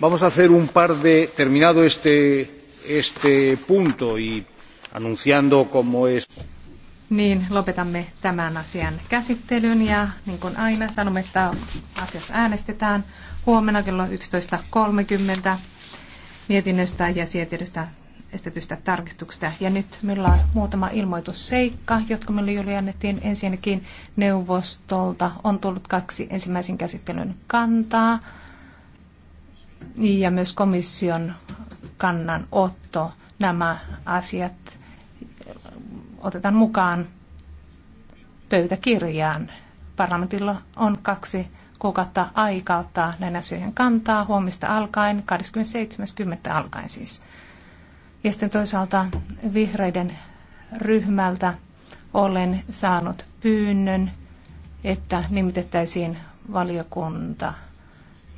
vamos a hacer un par de terminado este, punto y anunciando como es niin, lopetamme tämän asian käsittelyn ja niin kuin aina sanomme, että asiassa äänestetään huomenna kello 11.30 mietinnöstä ja sietinnöstä estetystä tarkistuksesta. Ja nyt meillä on muutama ilmoitusseikka, jotka meille juuri annettiin ensinnäkin neuvostolta. On tullut kaksi ensimmäisen käsittelyn kantaa ja myös komission kannanotto. Nämä asiat otetaan mukaan pöytäkirjaan. Parlamentilla on kaksi kuukautta aikaa ottaa näin asioihin kantaa huomista alkaen, 27.10. alkaen siis. Ja sitten toisaalta vihreiden ryhmältä olen saanut pyynnön, että nimitettäisiin valiokunta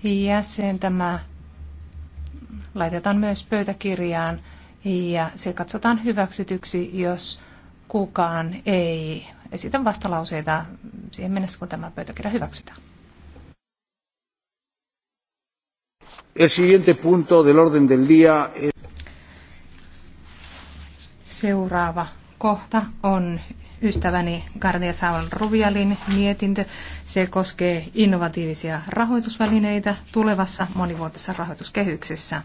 jäsen. Tämä laitetaan myös pöytäkirjaan ja se katsotaan hyväksytyksi, jos kukaan ei esitä vastalauseita siihen mennessä, kun tämä pöytäkirja hyväksytään. El siguiente punto del orden del día es... Seuraava kohta on ystäväni Gardia Thaun Rubialin mietintö. Se koskee innovatiivisia rahoitusvälineitä tulevassa monivuotisessa rahoituskehyksessä.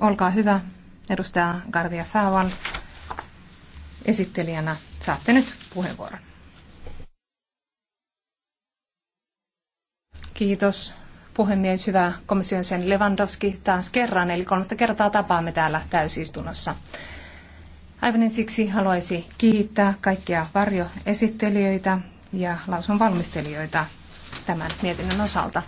Olkaa hyvä, edustaja Garvia Saavan. Esittelijänä saatte nyt puheenvuoron. Kiitos puhemies, hyvä komission sen Lewandowski taas kerran, eli kolmatta kertaa tapaamme täällä täysistunnossa. Aivan siksi haluaisi kiittää kaikkia varjoesittelijöitä ja lausun valmistelijoita tämän mietinnön osalta.